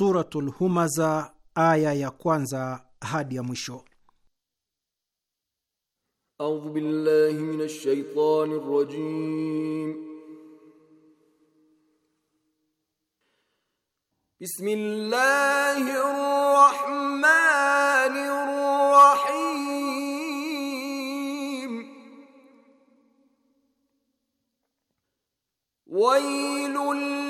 Suratul Humaza aya ya kwanza hadi ya mwisho. A'udhu billahi minash shaitani rajim. Bismillahir rahmanir rahim. Wailul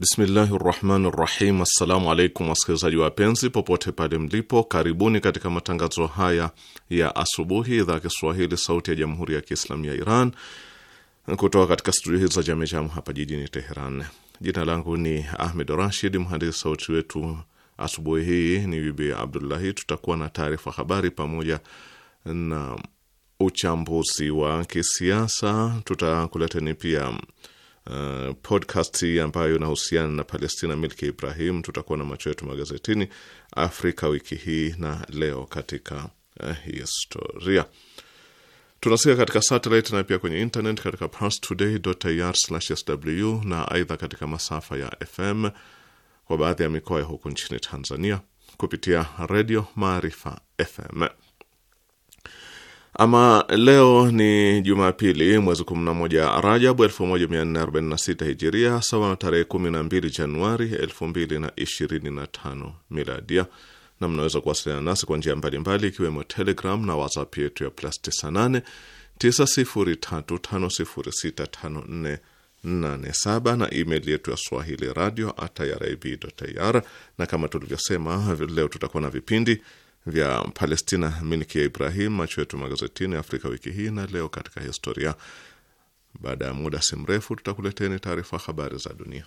Bismillahi rahmani rahim. Assalamu alaikum wasikilizaji wapenzi, popote pale mlipo, karibuni katika matangazo haya ya asubuhi, idhaa ya Kiswahili, sauti ya jamhuri ya kiislamu ya Iran, kutoka katika studio hizi za Jamejam hapa jijini Teheran. Jina langu ni Ahmed Rashid, mhandisi sauti wetu asubuhi hii ni Bibi Abdullahi. Tutakuwa na taarifa habari pamoja na uchambuzi wa kisiasa. Tutakuleteni pia uh, podcast ambayo inahusiana na Palestina milki ya Ibrahim, tutakuwa na macho yetu magazetini Afrika wiki hii na leo katika uh, historia. Tunasikia katika satellite na pia kwenye internet katika parstoday.ir/sw na aidha katika masafa ya FM kwa baadhi ya mikoa ya huku nchini Tanzania kupitia redio Maarifa FM. Ama leo ni Jumapili, mwezi 11 Rajabu 1446 Hijiria, sawa na tarehe 12 Januari 2025 Miladia, na mnaweza kuwasiliana nasi kwa njia mbalimbali, ikiwemo Telegram na WhatsApp yetu ya plus 98 na email yetu ya swahili radio at irib.ir. Na kama tulivyosema, leo tutakuwa na vipindi vya Palestina Miniki ya Ibrahim. Macho yetu magazetini Afrika wiki hii na leo katika historia. Baada ya muda si mrefu, tutakuleteni taarifa habari za dunia.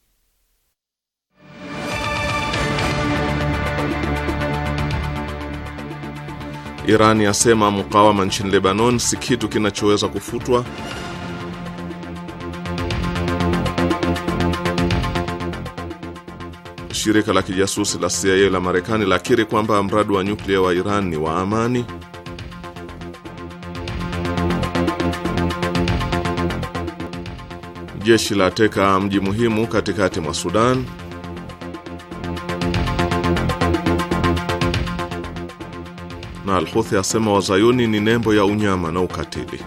Iran yasema mukawama nchini Lebanon si kitu kinachoweza kufutwa. Shirika la kijasusi la CIA la Marekani lakiri kwamba mradi wa nyuklia wa Iran ni wa amani. Jeshi la teka mji muhimu katikati mwa Sudan. Alhuthi asema wazayuni ni nembo ya unyama na ukatili.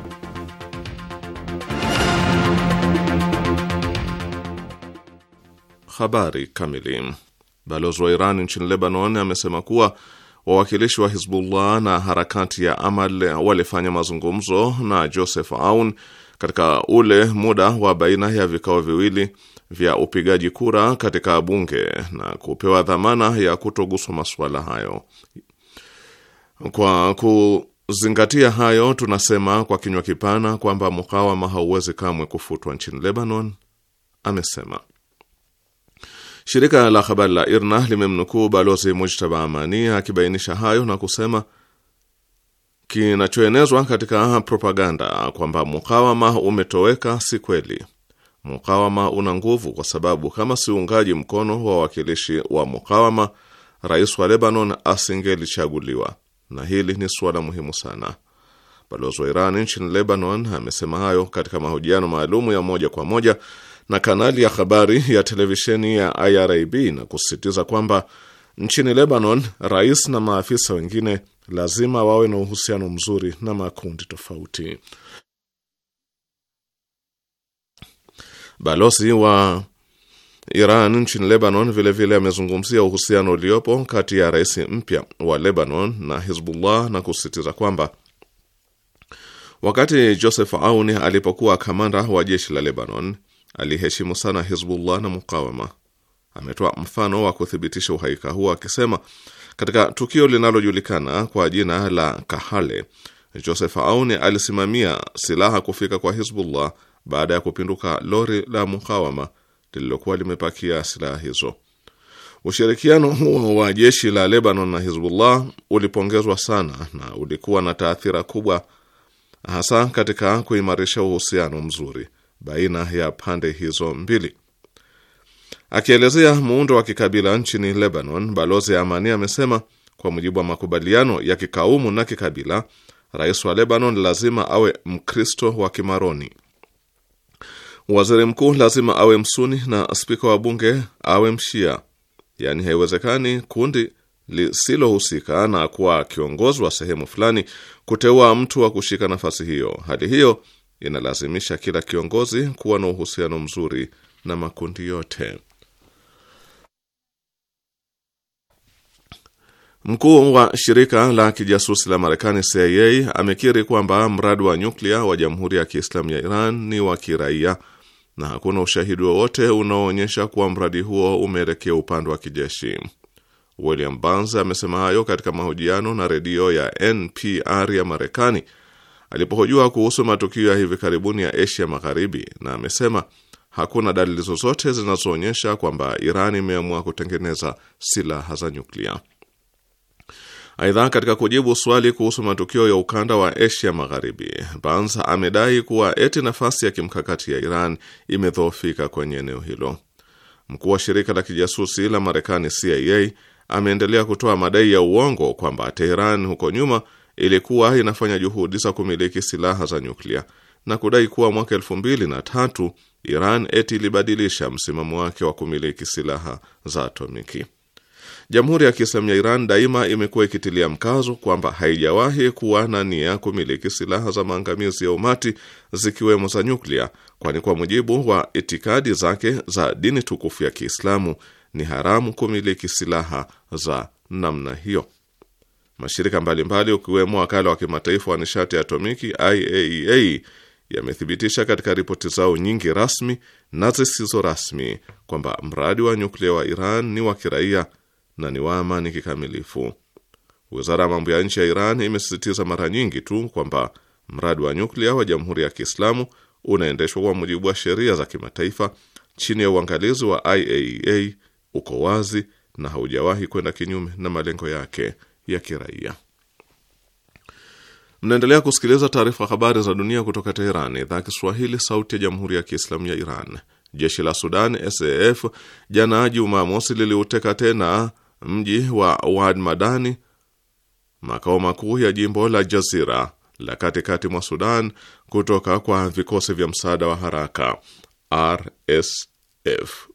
Habari kamili. Balozi wa Iran nchini Lebanon amesema kuwa wawakilishi wa Hizbullah na harakati ya Amal walifanya mazungumzo na Joseph Aoun katika ule muda wa baina ya vikao viwili vya upigaji kura katika bunge na kupewa dhamana ya kutoguswa masuala hayo kwa kuzingatia hayo, tunasema kwa kinywa kipana kwamba mukawama hauwezi kamwe kufutwa nchini Lebanon, amesema. Shirika la habari la IRNA limemnukuu Balozi Mujtaba Amani akibainisha hayo na kusema kinachoenezwa katika propaganda kwamba mukawama umetoweka si kweli. Mukawama una nguvu, kwa sababu kama si uungaji mkono wa wawakilishi wa mukawama, rais wa Lebanon asingelichaguliwa na hili ni suala muhimu sana. Balozi wa Iran nchini Lebanon amesema hayo katika mahojiano maalumu ya moja kwa moja na kanali ya habari ya televisheni ya IRIB na kusisitiza kwamba nchini Lebanon rais na maafisa wengine lazima wawe na uhusiano mzuri na makundi tofauti. Balozi wa Iran nchini Lebanon vilevile amezungumzia uhusiano uliopo kati ya rais mpya wa Lebanon na Hizbullah na kusisitiza kwamba wakati Joseph Aoun alipokuwa kamanda wa jeshi la Lebanon aliheshimu sana Hizbullah na mukawama. Ametoa mfano wa kuthibitisha uhakika huo akisema, katika tukio linalojulikana kwa jina la Kahale, Joseph Aoun alisimamia silaha kufika kwa Hizbullah baada ya kupinduka lori la mukawama lililokuwa limepakia silaha hizo. Ushirikiano huo wa jeshi la Lebanon na Hizbullah ulipongezwa sana na ulikuwa na taathira kubwa, hasa katika kuimarisha uhusiano mzuri baina ya pande hizo mbili. Akielezea muundo wa kikabila nchini Lebanon, balozi Amani amesema kwa mujibu wa makubaliano ya kikaumu na kikabila, rais wa Lebanon lazima awe Mkristo wa Kimaroni. Waziri mkuu lazima awe msuni na spika wa bunge awe mshia, yaani haiwezekani kundi lisilohusika na kuwa kiongozi wa sehemu fulani kuteua mtu wa kushika nafasi hiyo. Hali hiyo inalazimisha kila kiongozi kuwa na uhusiano mzuri na makundi yote. Mkuu wa shirika la kijasusi la Marekani CIA amekiri kwamba mradi wa nyuklia wa Jamhuri ya Kiislamu ya Iran ni wa kiraia na hakuna ushahidi wowote unaoonyesha kuwa mradi huo umeelekea upande wa kijeshi. William Burns amesema hayo katika mahojiano na redio ya NPR ya Marekani alipohojiwa kuhusu matukio ya hivi karibuni ya Asia Magharibi, na amesema hakuna dalili zozote zinazoonyesha kwamba Iran imeamua kutengeneza silaha za nyuklia. Aidha, katika kujibu swali kuhusu matukio ya ukanda wa Asia Magharibi, Bans amedai kuwa eti nafasi ya kimkakati ya Iran imedhoofika kwenye eneo hilo. Mkuu wa shirika la kijasusi la Marekani CIA ameendelea kutoa madai ya uongo kwamba Teheran huko nyuma ilikuwa inafanya juhudi za kumiliki silaha za nyuklia na kudai kuwa mwaka elfu mbili na tatu Iran eti ilibadilisha msimamo wake wa kumiliki silaha za atomiki. Jamhuri ya Kiislamu ya Iran daima imekuwa ikitilia mkazo kwamba haijawahi kuwa na nia kumiliki silaha za maangamizi ya umati zikiwemo za nyuklia, kwani kwa mujibu wa itikadi zake za dini tukufu ya Kiislamu ni haramu kumiliki silaha za namna hiyo. Mashirika mbalimbali ukiwemo wakala wa kimataifa wa nishati ya atomiki IAEA e, yamethibitisha katika ripoti zao nyingi rasmi na zisizo rasmi kwamba mradi wa nyuklia wa Iran ni wa kiraia na ni wa amani kikamilifu. Wizara ya mambo ya nje ya Iran imesisitiza mara nyingi tu kwamba mradi wa nyuklia wa Jamhuri ya Kiislamu unaendeshwa kwa mujibu wa sheria za kimataifa chini ya uangalizi wa IAEA, e, uko wazi na haujawahi kwenda kinyume na malengo yake ya kiraia. Mnaendelea kusikiliza taarifa habari za dunia kutoka Teherani, idhaa Kiswahili, sauti ya Jamhuri ya Kiislamu ya Iran. Jeshi la Sudan, SAF, jana Jumamosi liliuteka tena mji wa Wad Madani, makao makuu ya jimbo la Jazira la katikati mwa Sudan, kutoka kwa vikosi vya msaada wa haraka RSF.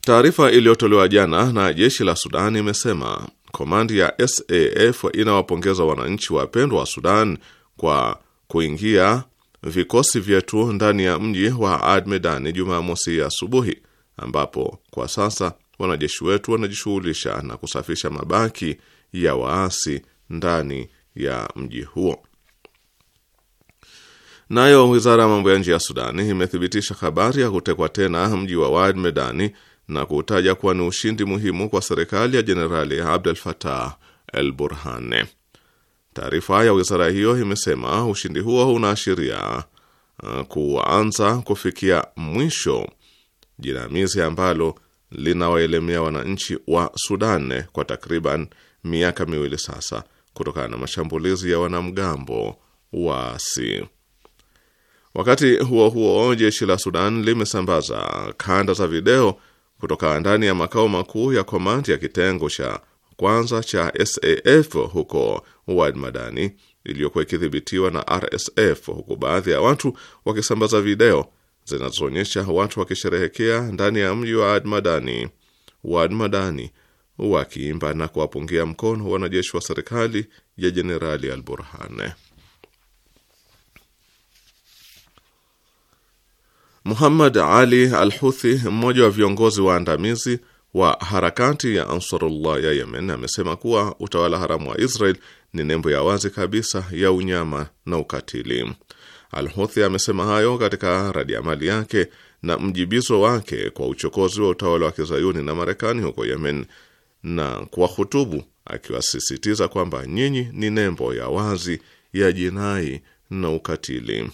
Taarifa iliyotolewa jana na jeshi la Sudan imesema komandi ya SAF inawapongeza wananchi wapendwa wa Sudan kwa kuingia vikosi vyetu ndani ya mji wa admedani Jumamosi asubuhi ambapo kwa sasa wanajeshi wetu wanajishughulisha na kusafisha mabaki ya waasi ndani ya mji huo. Nayo wizara ya mambo ya nje ya Sudani imethibitisha habari ya kutekwa tena mji wa Wad Medani na kuutaja kuwa ni ushindi muhimu kwa serikali ya Jenerali Abdel Fattah El Burhane. Taarifa ya wizara hiyo imesema ushindi huo unaashiria uh, kuanza kufikia mwisho jinamizi ambalo linawaelemea wananchi wa Sudan kwa takriban miaka miwili sasa kutokana na mashambulizi ya wanamgambo waasi. Wakati huo huo, jeshi la Sudan limesambaza kanda za video kutoka ndani ya makao makuu ya komandi ya kitengo cha kwanza cha SAF huko Wad Madani iliyokuwa ikidhibitiwa na RSF, huku baadhi ya watu wakisambaza video zinazoonyesha watu wakisherehekea ndani ya mji wa Admadani wa Admadani wakiimba na kuwapungia mkono wanajeshi wa serikali ya Jenerali Al Burhan. Muhammad Ali Al Huthi, mmoja wa viongozi waandamizi wa harakati ya Ansarullah ya Yemen, amesema kuwa utawala haramu wa Israel ni nembo ya wazi kabisa ya unyama na ukatili al amesema hayo katika radi ya mali yake na mjibizo wake kwa uchokozi wa utawala wa kizayuni na Marekani huko Yemen na kwa hutubu akiwasisitiza kwamba nyinyi ni nembo ya wazi ya jinai na ukatili.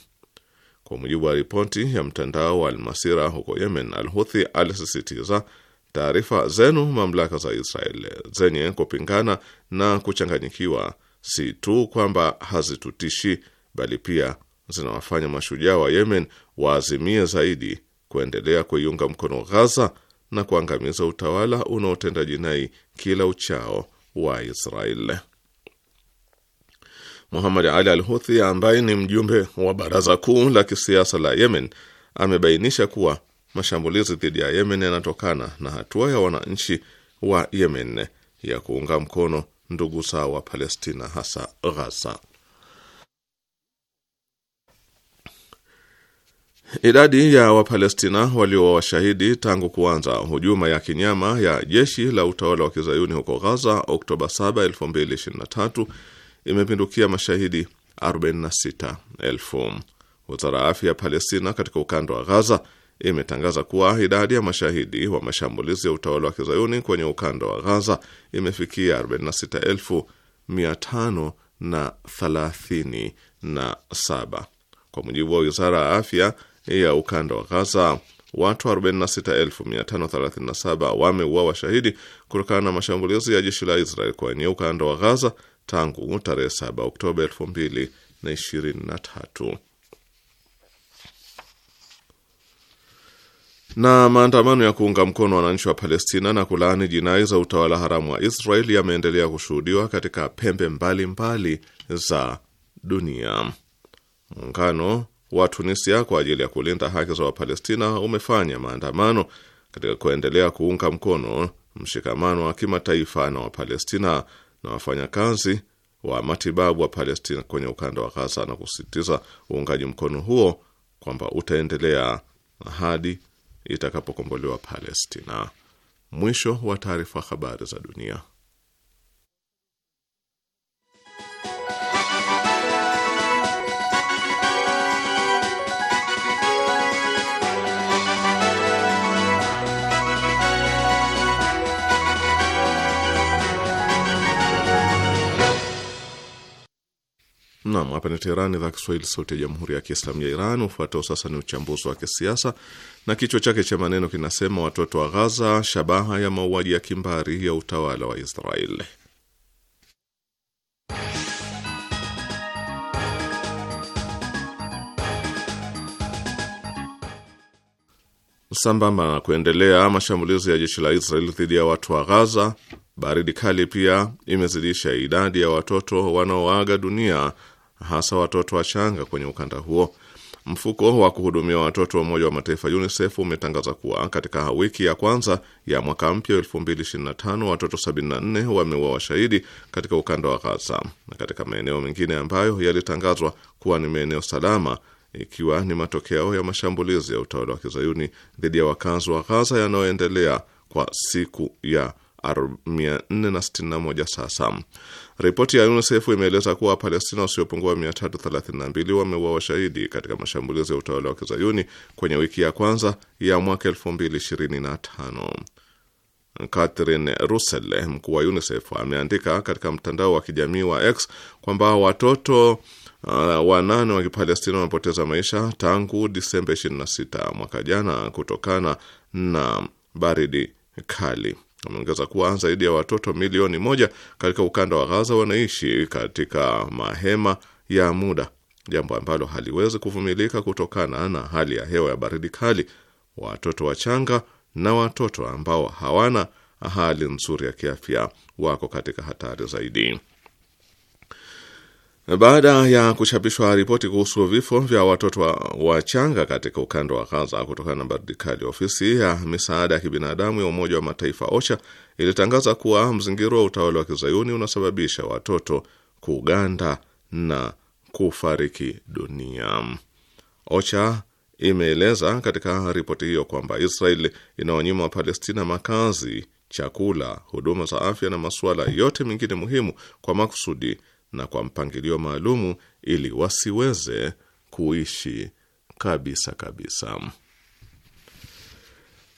Kwa mujibu wa ripoti ya mtandao wa Almasira huko Yemen, alhuthi alisisitiza taarifa zenu mamlaka za Israel zenye kupingana na kuchanganyikiwa si tu kwamba hazitutishi bali pia zinawafanya mashujaa wa Yemen waazimie zaidi kuendelea kuiunga mkono Ghaza na kuangamiza utawala unaotenda jinai kila uchao wa israel Muhammad Ali al huthi ambaye ni mjumbe wa baraza kuu la kisiasa la Yemen amebainisha kuwa mashambulizi dhidi ya Yemen yanatokana na hatua ya wananchi wa Yemen ya kuunga mkono ndugu zao wa Palestina hasa Ghaza. Idadi ya Wapalestina walio washahidi tangu kuanza hujuma ya kinyama ya jeshi la utawala wa kizayuni huko Ghaza Oktoba 7, 2023 imepindukia mashahidi 46,000. Wizara ya afya ya Palestina katika ukanda wa Ghaza imetangaza kuwa idadi ya mashahidi wa mashambulizi ya utawala wa kizayuni kwenye ukanda wa Ghaza imefikia 46,537 kwa mujibu wa wizara ya afya ya ukanda wa Ghaza. Watu 46537 wameuawa shahidi kutokana na mashambulizi ya jeshi la Israel kwenye ukanda wa Ghaza tangu tarehe 7 Oktoba 2023. Na maandamano ya kuunga mkono wananchi wa Palestina na kulaani jinai za utawala haramu wa Israel yameendelea kushuhudiwa katika pembe mbalimbali mbali za dunia. Muungano wa Tunisia kwa ajili ya kulinda haki za Wapalestina umefanya maandamano katika kuendelea kuunga mkono mshikamano wa kimataifa na Wapalestina na wafanyakazi wa matibabu wa Palestina kwenye ukanda wa Gaza na kusisitiza uungaji mkono huo kwamba utaendelea hadi itakapokombolewa Palestina. Mwisho wa taarifa. Habari za dunia. Naam, hapa ni Teherani, idhaa Kiswahili, sauti ya jamhuri ya kiislamu ya Iran. Hufuatao sasa ni uchambuzi wa kisiasa na kichwa chake cha maneno kinasema: watoto wa Ghaza, shabaha ya mauaji ya kimbari ya utawala wa Israeli. Sambamba na kuendelea mashambulizi ya jeshi la Israeli dhidi ya watu wa Ghaza, baridi kali pia imezidisha idadi ya watoto wanaoaga dunia hasa watoto wachanga kwenye ukanda huo. Mfuko wa kuhudumia watoto wa Umoja wa Mataifa UNICEF umetangaza kuwa katika wiki ya kwanza ya mwaka mpya 2025 watoto 74 wameua washahidi katika ukanda wa Gaza na katika maeneo mengine ambayo yalitangazwa kuwa ni maeneo salama, ikiwa ni matokeo ya mashambulizi ya utawala wa kizayuni dhidi ya wakazi wa Gaza yanayoendelea kwa siku ya 461 sasa. Ripoti ya UNICEF imeeleza kuwa Palestina wasiopungua 332 wameuawa shahidi katika mashambulizi ya utawala wa kizayuni kwenye wiki ya kwanza ya mwaka 2025. Catherine Russell, mkuu wa UNICEF, ameandika katika mtandao wa kijamii wa X kwamba watoto Uh, wanane wa Kipalestina wamepoteza maisha tangu Disemba 26 mwaka jana kutokana na baridi kali. Ameongeza kuwa zaidi ya watoto milioni moja katika ukanda wa Gaza wanaishi katika mahema ya muda, jambo ambalo haliwezi kuvumilika kutokana na hali ya hewa ya baridi kali, watoto wachanga na watoto ambao hawana hali nzuri ya kiafya wako katika hatari zaidi. Baada ya kuchapishwa ripoti kuhusu vifo vya watoto wachanga wa katika ukanda wa Gaza kutokana na baridi kali, ofisi ya misaada ya kibinadamu ya Umoja wa Mataifa OCHA ilitangaza kuwa mzingiro wa utawala wa kizayuni unasababisha watoto kuganda na kufariki dunia. OCHA imeeleza katika ripoti hiyo kwamba Israel inaonyima Wapalestina makazi, chakula, huduma za afya na masuala yote mengine muhimu kwa makusudi na kwa mpangilio maalumu ili wasiweze kuishi kabisa kabisa.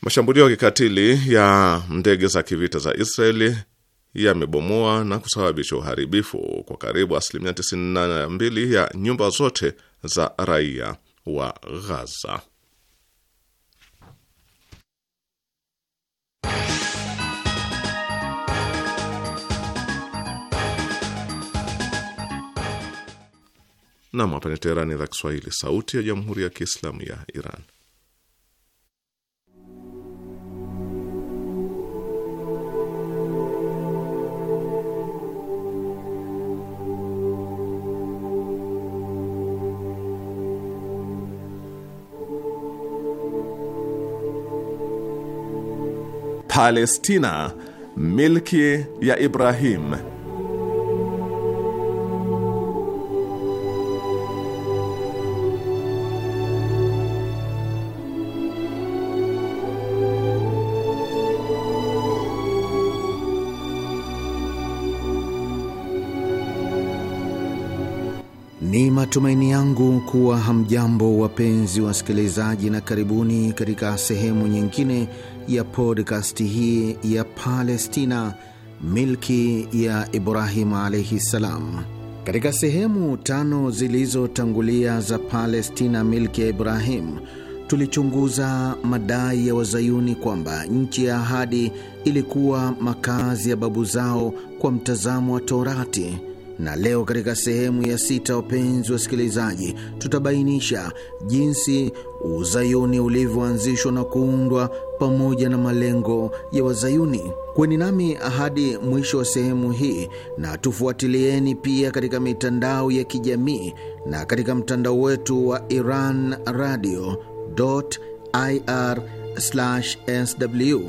Mashambulio ya kikatili ya ndege za kivita za Israeli yamebomoa na kusababisha uharibifu kwa karibu asilimia 92 ya nyumba zote za raia wa Ghaza. Nam, hapa ni Teherani, idhaa Kiswahili, sauti ya jamhuri ya kiislamu ya Iran. Palestina, milki ya Ibrahim. matumaini yangu kuwa hamjambo wapenzi wasikilizaji, na karibuni katika sehemu nyingine ya podkasti hii ya Palestina, milki ya Ibrahimu alaihi ssalam. Katika sehemu tano zilizotangulia za Palestina, milki ya Ibrahimu, tulichunguza madai ya wazayuni kwamba nchi ya ahadi ilikuwa makazi ya babu zao kwa mtazamo wa Torati na leo katika sehemu ya sita, wapenzi wasikilizaji, tutabainisha jinsi uzayuni ulivyoanzishwa na kuundwa pamoja na malengo ya Wazayuni. Kweni nami hadi mwisho wa sehemu hii na tufuatilieni pia katika mitandao ya kijamii na katika mtandao wetu wa Iran radio ir sw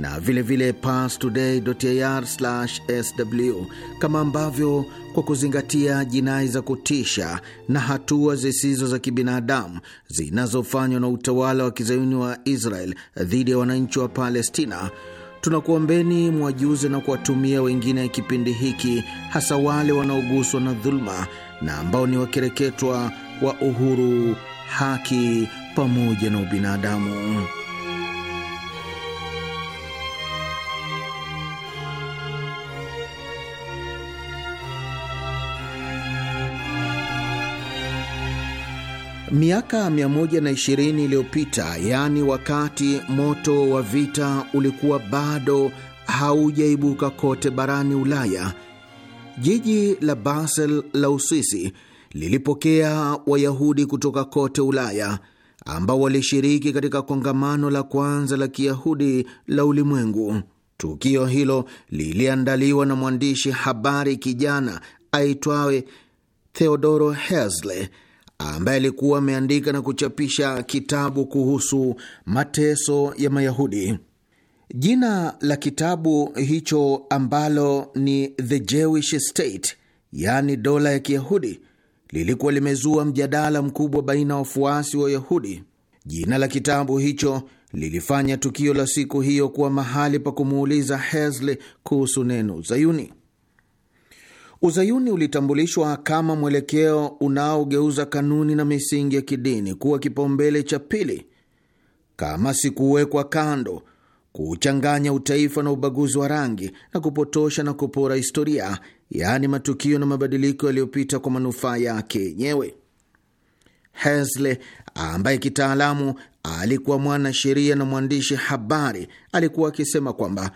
na vilevile parstoday.ir/sw, kama ambavyo kwa kuzingatia jinai za kutisha na hatua zisizo za kibinadamu zinazofanywa na utawala wa kizayuni wa Israel dhidi ya wananchi wa Palestina, tunakuombeni mwajuze na kuwatumia wengine kipindi hiki, hasa wale wanaoguswa na dhuluma na ambao ni wakereketwa wa uhuru, haki pamoja na ubinadamu. Miaka 120 iliyopita, yaani wakati moto wa vita ulikuwa bado haujaibuka kote barani Ulaya, jiji la Basel la Uswisi lilipokea Wayahudi kutoka kote Ulaya ambao walishiriki katika kongamano la kwanza la Kiyahudi la ulimwengu. Tukio hilo liliandaliwa na mwandishi habari kijana aitwawe Theodoro Herzl ambaye alikuwa ameandika na kuchapisha kitabu kuhusu mateso ya Mayahudi. Jina la kitabu hicho ambalo ni The Jewish State, yaani dola ya Kiyahudi, lilikuwa limezua mjadala mkubwa baina ya wafuasi wa Wayahudi. Jina la kitabu hicho lilifanya tukio la siku hiyo kuwa mahali pa kumuuliza Herzl kuhusu neno Zayuni. Uzayuni ulitambulishwa kama mwelekeo unaogeuza kanuni na misingi ya kidini kuwa kipaumbele cha pili, kama si kuwekwa kando, kuchanganya utaifa na ubaguzi wa rangi na kupotosha na kupora historia, yaani matukio na mabadiliko yaliyopita kwa manufaa yake yenyewe. Hesle ambaye kitaalamu alikuwa mwanasheria na mwandishi habari alikuwa akisema kwamba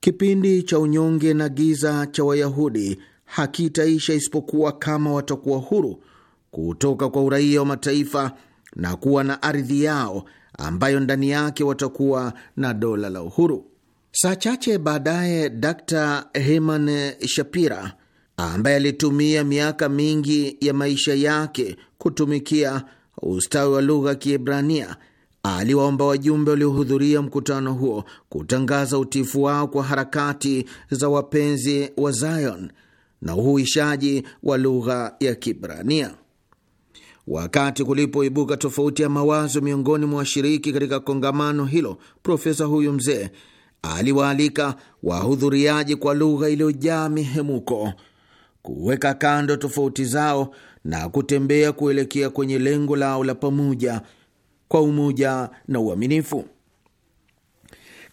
kipindi cha unyonge na giza cha Wayahudi hakitaisha isipokuwa kama watakuwa huru kutoka kwa uraia wa mataifa na kuwa na ardhi yao ambayo ndani yake watakuwa na dola la uhuru. Saa chache baadaye, Dr. Herman Shapira ambaye alitumia miaka mingi ya maisha yake kutumikia ustawi wa lugha ya Kiebrania aliwaomba wajumbe waliohudhuria mkutano huo kutangaza utiifu wao kwa harakati za wapenzi wa Zion na uhuishaji wa lugha ya Kibrania. Wakati kulipoibuka tofauti ya mawazo miongoni mwa washiriki katika kongamano hilo, profesa huyu mzee aliwaalika wahudhuriaji kwa lugha iliyojaa mihemuko kuweka kando tofauti zao na kutembea kuelekea kwenye lengo lao la pamoja kwa umoja na uaminifu.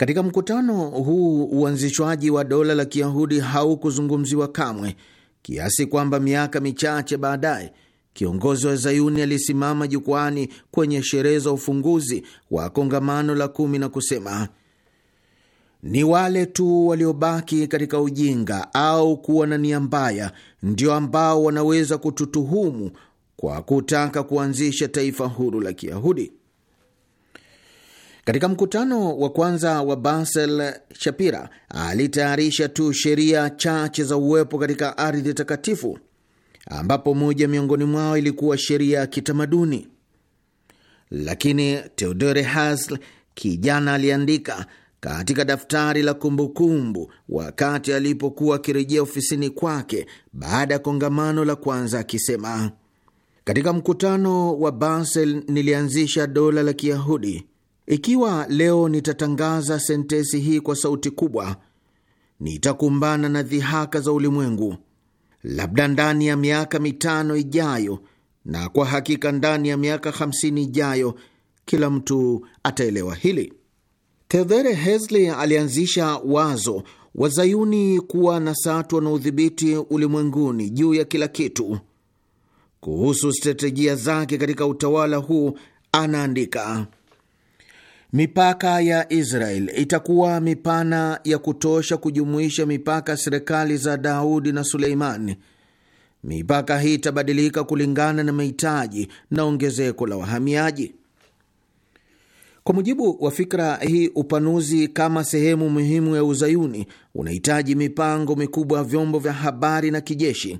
Katika mkutano huu uanzishwaji wa dola la Kiyahudi haukuzungumziwa kamwe, kiasi kwamba miaka michache baadaye kiongozi wa Zayuni alisimama jukwani kwenye sherehe za ufunguzi wa kongamano la kumi na kusema, ni wale tu waliobaki katika ujinga au kuwa na nia mbaya ndio ambao wanaweza kututuhumu kwa kutaka kuanzisha taifa huru la Kiyahudi. Katika mkutano wa kwanza wa Basel, Shapira alitayarisha tu sheria chache za uwepo katika ardhi takatifu, ambapo moja miongoni mwao ilikuwa sheria ya kitamaduni. Lakini Theodore Herzl kijana aliandika katika daftari la kumbukumbu wakati alipokuwa akirejea ofisini kwake baada ya kongamano la kwanza, akisema katika mkutano wa Basel nilianzisha dola la Kiyahudi ikiwa leo nitatangaza sentensi hii kwa sauti kubwa, nitakumbana na dhihaka za ulimwengu, labda ndani ya miaka mitano ijayo, na kwa hakika ndani ya miaka hamsini ijayo kila mtu ataelewa hili. Theodore Herzl alianzisha wazo wazayuni kuwa na satwa na udhibiti ulimwenguni juu ya kila kitu. Kuhusu stratejia zake katika utawala huu anaandika: Mipaka ya Israel itakuwa mipana ya kutosha kujumuisha mipaka serikali za Daudi na Suleimani. Mipaka hii itabadilika kulingana na mahitaji na ongezeko la wahamiaji. Kwa mujibu wa fikra hii, upanuzi kama sehemu muhimu ya uzayuni unahitaji mipango mikubwa ya vyombo vya habari na kijeshi.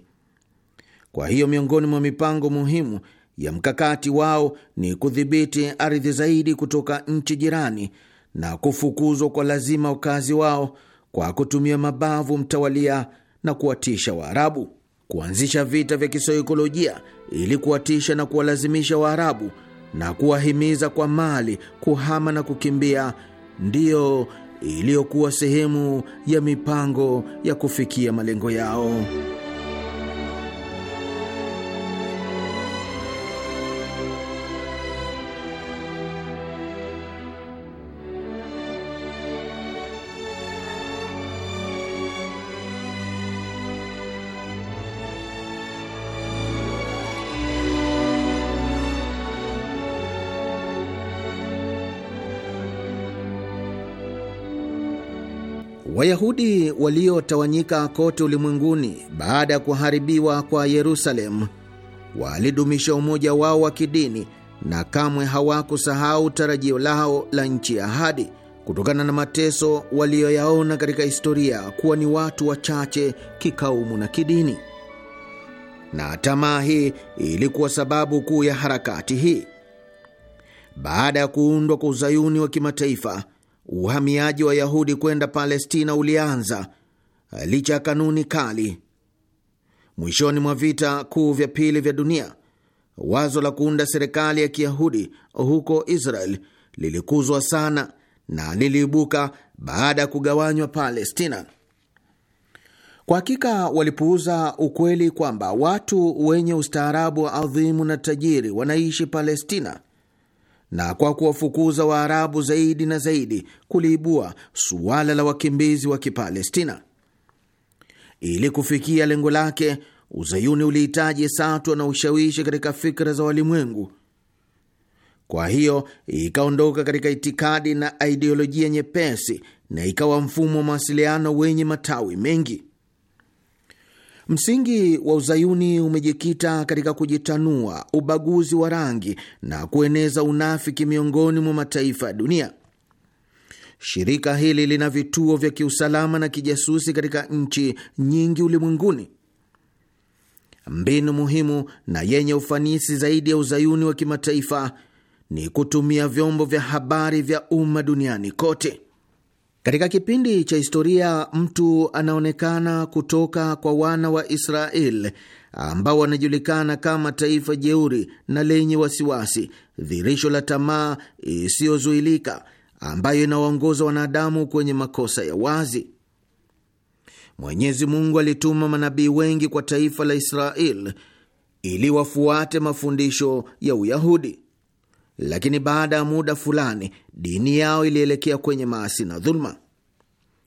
Kwa hiyo, miongoni mwa mipango muhimu ya mkakati wao ni kudhibiti ardhi zaidi kutoka nchi jirani na kufukuzwa kwa lazima wakazi wao kwa kutumia mabavu mtawalia na kuwatisha Waarabu. Kuanzisha vita vya kisaikolojia ili kuwatisha na kuwalazimisha Waarabu na kuwahimiza kwa mali kuhama na kukimbia ndiyo iliyokuwa sehemu ya mipango ya kufikia malengo yao. Wayahudi waliotawanyika kote ulimwenguni baada ya kuharibiwa kwa Yerusalemu walidumisha umoja wao wa kidini na kamwe hawakusahau tarajio lao la nchi ya ahadi, kutokana na mateso waliyoyaona katika historia kuwa ni watu wachache kikaumu na kidini. Na tamaa hii ilikuwa sababu kuu ya harakati hii. Baada ya kuundwa kwa uzayuni wa kimataifa uhamiaji wa Yahudi kwenda Palestina ulianza licha ya kanuni kali. Mwishoni mwa vita kuu vya pili vya dunia, wazo la kuunda serikali ya Kiyahudi huko Israel lilikuzwa sana na liliibuka baada ya kugawanywa Palestina. Kwa hakika walipuuza ukweli kwamba watu wenye ustaarabu adhimu na tajiri wanaishi Palestina na kwa kuwafukuza Waarabu zaidi na zaidi kuliibua suala la wakimbizi wa Kipalestina. Ili kufikia lengo lake, Uzayuni ulihitaji satwa na ushawishi katika fikra za walimwengu. Kwa hiyo ikaondoka katika itikadi na ideolojia nyepesi na ikawa mfumo wa mawasiliano wenye matawi mengi. Msingi wa uzayuni umejikita katika kujitanua, ubaguzi wa rangi na kueneza unafiki miongoni mwa mataifa ya dunia. Shirika hili lina vituo vya kiusalama na kijasusi katika nchi nyingi ulimwenguni. Mbinu muhimu na yenye ufanisi zaidi ya uzayuni wa kimataifa ni kutumia vyombo vya habari vya umma duniani kote. Katika kipindi cha historia mtu anaonekana kutoka kwa wana wa Israel ambao wanajulikana kama taifa jeuri na lenye wasiwasi, dhirisho la tamaa isiyozuilika ambayo inawaongoza wanadamu kwenye makosa ya wazi. Mwenyezi Mungu alituma manabii wengi kwa taifa la Israel ili wafuate mafundisho ya Uyahudi lakini baada ya muda fulani dini yao ilielekea kwenye maasi na dhuluma,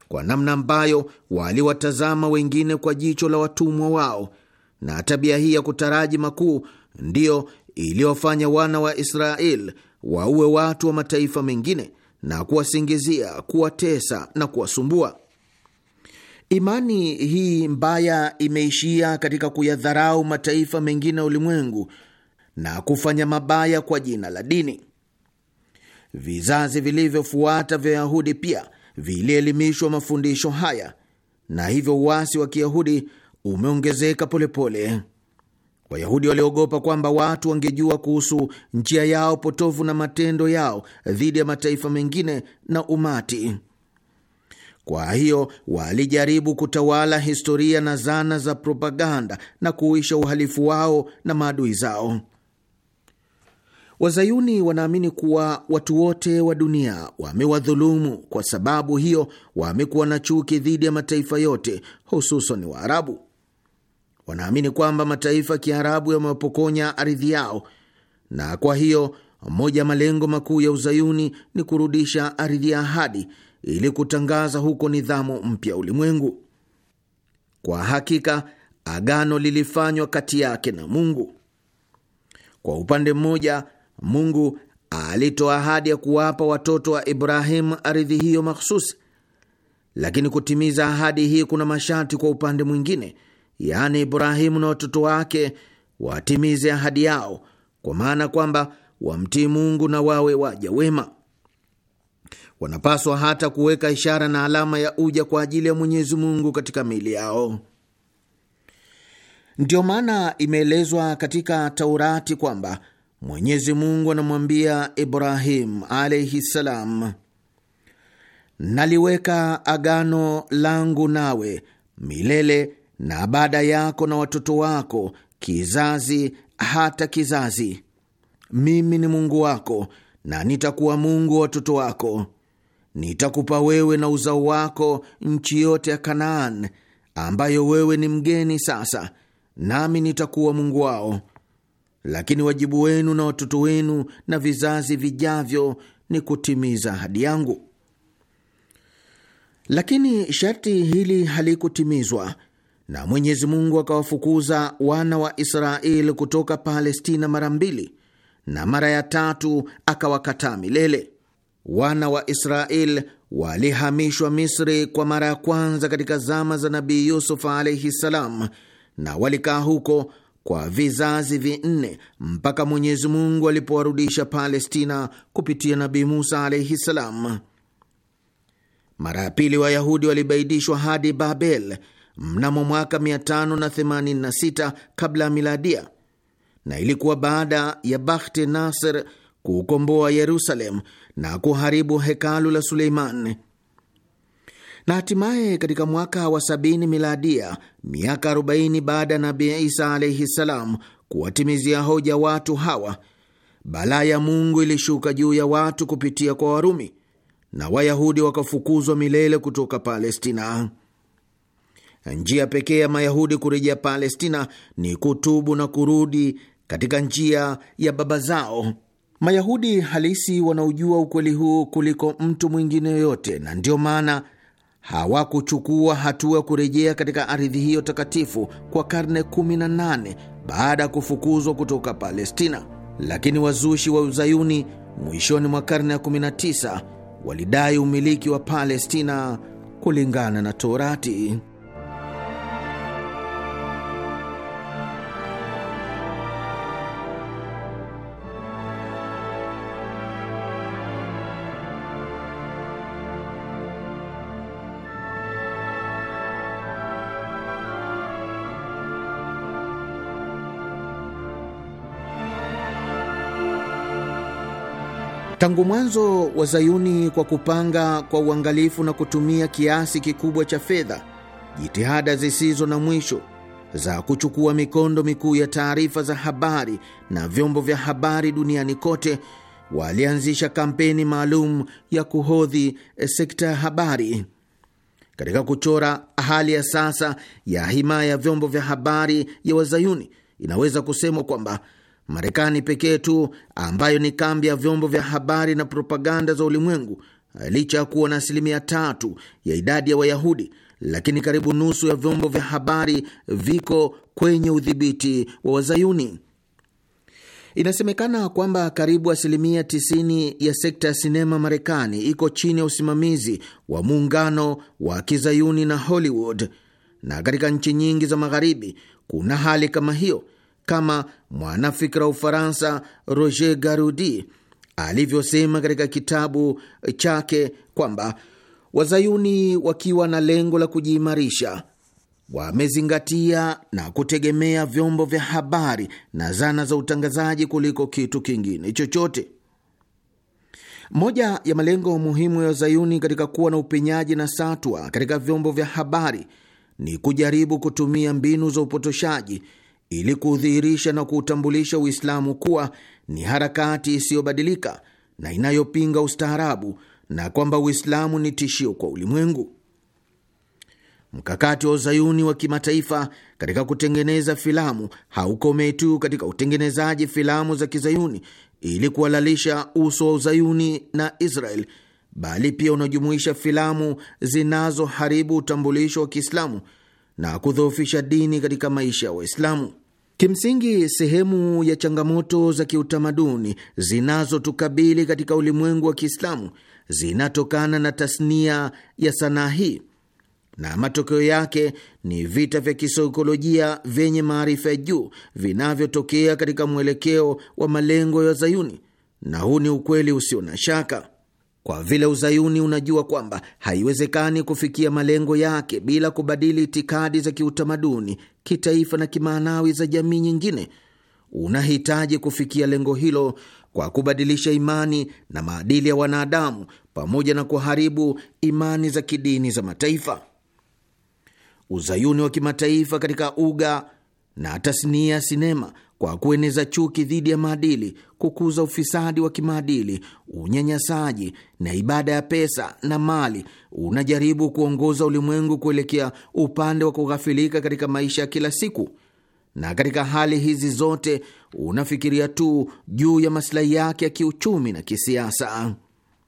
kwa namna ambayo waliwatazama wengine kwa jicho la watumwa wao, na tabia hii ya kutaraji makuu ndiyo iliyofanya wana wa Israel waue watu wa mataifa mengine na kuwasingizia, kuwatesa na kuwasumbua. Imani hii mbaya imeishia katika kuyadharau mataifa mengine ya ulimwengu na kufanya mabaya kwa jina la dini. Vizazi vilivyofuata vya Yahudi pia vilielimishwa mafundisho haya, na hivyo uasi wa Kiyahudi umeongezeka polepole. Wayahudi waliogopa kwamba watu wangejua kuhusu njia yao potofu na matendo yao dhidi ya mataifa mengine na umati. Kwa hiyo walijaribu kutawala historia na zana za propaganda na kuisha uhalifu wao na maadui zao. Wazayuni wanaamini kuwa watu wote wa dunia wamewadhulumu. Kwa sababu hiyo, wamekuwa na chuki dhidi ya mataifa yote, hususan Waarabu. Wanaamini kwamba mataifa ya Kiarabu yamewapokonya ardhi yao, na kwa hiyo moja ya malengo makuu ya Uzayuni ni kurudisha ardhi ya ahadi ili kutangaza huko nidhamu mpya ulimwengu. Kwa hakika agano lilifanywa kati yake na Mungu. Kwa upande mmoja Mungu alitoa ahadi ya kuwapa watoto wa Ibrahimu ardhi hiyo mahsusi, lakini kutimiza ahadi hii kuna masharti kwa upande mwingine, yaani Ibrahimu na watoto wake watimize ahadi yao, kwa maana kwamba wamtii Mungu na wawe waja wema. Wanapaswa hata kuweka ishara na alama ya uja kwa ajili ya Mwenyezi Mungu katika miili yao. Ndiyo maana imeelezwa katika Taurati kwamba Mwenyezi Mungu anamwambia Ibrahim alaihi ssalam, naliweka agano langu nawe milele na baada yako na watoto wako kizazi hata kizazi. Mimi ni Mungu wako na nitakuwa Mungu wa watoto wako. Nitakupa wewe na uzao wako nchi yote ya Kanaan ambayo wewe ni mgeni sasa, nami nitakuwa Mungu wao lakini wajibu wenu na watoto wenu na vizazi vijavyo ni kutimiza ahadi yangu. Lakini sharti hili halikutimizwa na Mwenyezi Mungu akawafukuza wana wa Israeli kutoka Palestina mara mbili, na mara ya tatu akawakataa milele. Wana wa Israeli walihamishwa Misri kwa mara ya kwanza katika zama za Nabii Yusuf alaihi ssalam, na walikaa huko kwa vizazi vinne mpaka Mwenyezi Mungu alipowarudisha Palestina kupitia Nabii Musa alaihi ssalam. Mara ya pili Wayahudi walibaidishwa hadi Babel mnamo mwaka 586 kabla ya miladia, na ilikuwa baada ya Bakhti Nasser kuukomboa Yerusalem na kuharibu hekalu la Suleiman na hatimaye katika mwaka wa sabini miladia, miaka arobaini baada ya Nabii Isa alaihi ssalam kuwatimizia hoja watu hawa, balaa ya Mungu ilishuka juu ya watu kupitia kwa Warumi na Wayahudi wakafukuzwa milele kutoka Palestina. Njia pekee ya Mayahudi kurejea Palestina ni kutubu na kurudi katika njia ya baba zao. Mayahudi halisi wanaojua ukweli huu kuliko mtu mwingine yoyote, na ndiyo maana hawakuchukua hatua kurejea katika ardhi hiyo takatifu kwa karne 18 baada ya kufukuzwa kutoka Palestina. Lakini wazushi wa Uzayuni mwishoni mwa karne ya 19 walidai umiliki wa Palestina kulingana na Torati. Tangu mwanzo Wazayuni, kwa kupanga kwa uangalifu na kutumia kiasi kikubwa cha fedha, jitihada zisizo na mwisho za kuchukua mikondo mikuu ya taarifa za habari na vyombo vya habari duniani kote, walianzisha kampeni maalum ya kuhodhi eh, sekta ya habari. Katika kuchora hali ya sasa ya himaya ya vyombo vya habari ya Wazayuni, inaweza kusemwa kwamba Marekani pekee tu ambayo ni kambi ya vyombo vya habari na propaganda za ulimwengu, licha ya kuwa na asilimia tatu ya idadi ya Wayahudi, lakini karibu nusu ya vyombo vya habari viko kwenye udhibiti wa Wazayuni. Inasemekana kwamba karibu asilimia 90 ya sekta ya sinema Marekani iko chini ya usimamizi wa muungano wa kizayuni na Hollywood, na katika nchi nyingi za Magharibi kuna hali kama hiyo kama mwanafikira wa Ufaransa Roger Garudi alivyosema katika kitabu chake kwamba wazayuni wakiwa na lengo la kujiimarisha wamezingatia na kutegemea vyombo vya habari na zana za utangazaji kuliko kitu kingine chochote. Moja ya malengo muhimu ya wazayuni katika kuwa na upenyaji na satwa katika vyombo vya habari ni kujaribu kutumia mbinu za upotoshaji ili kuudhihirisha na kuutambulisha Uislamu kuwa ni harakati isiyobadilika na inayopinga ustaarabu na kwamba Uislamu ni tishio kwa ulimwengu. Mkakati wa uzayuni wa kimataifa katika kutengeneza filamu haukomei tu katika utengenezaji filamu za kizayuni ili kuhalalisha uso wa uzayuni na Israel, bali pia unajumuisha filamu zinazoharibu utambulisho wa Kiislamu na kudhoofisha dini katika maisha ya Waislamu. Kimsingi, sehemu ya changamoto za kiutamaduni zinazotukabili katika ulimwengu wa Kiislamu zinatokana na tasnia ya sanaa hii na matokeo yake ni vita vya kisaikolojia vyenye maarifa ya juu vinavyotokea katika mwelekeo wa malengo ya Zayuni, na huu ni ukweli usio na shaka kwa vile uzayuni unajua kwamba haiwezekani kufikia malengo yake bila kubadili itikadi za kiutamaduni, kitaifa na kimaanawi za jamii nyingine. Unahitaji kufikia lengo hilo kwa kubadilisha imani na maadili ya wanadamu pamoja na kuharibu imani za kidini za mataifa. Uzayuni wa kimataifa katika uga na tasnia ya sinema kwa kueneza chuki dhidi ya maadili, kukuza ufisadi wa kimaadili, unyanyasaji na ibada ya pesa na mali, unajaribu kuongoza ulimwengu kuelekea upande wa kughafilika katika maisha ya kila siku. Na katika hali hizi zote unafikiria tu juu ya masilahi yake ya kiuchumi na kisiasa.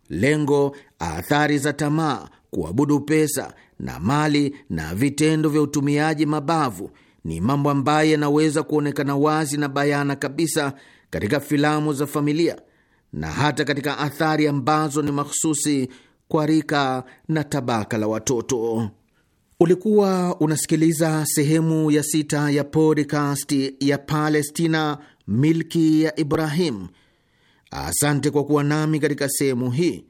Lengo, athari za tamaa, kuabudu pesa na mali na vitendo vya utumiaji mabavu ni mambo ambayo yanaweza kuonekana wazi na bayana kabisa katika filamu za familia na hata katika athari ambazo ni makhususi kwa rika na tabaka la watoto. Ulikuwa unasikiliza sehemu ya sita ya podcast ya Palestina, milki ya Ibrahim. Asante kwa kuwa nami katika sehemu hii.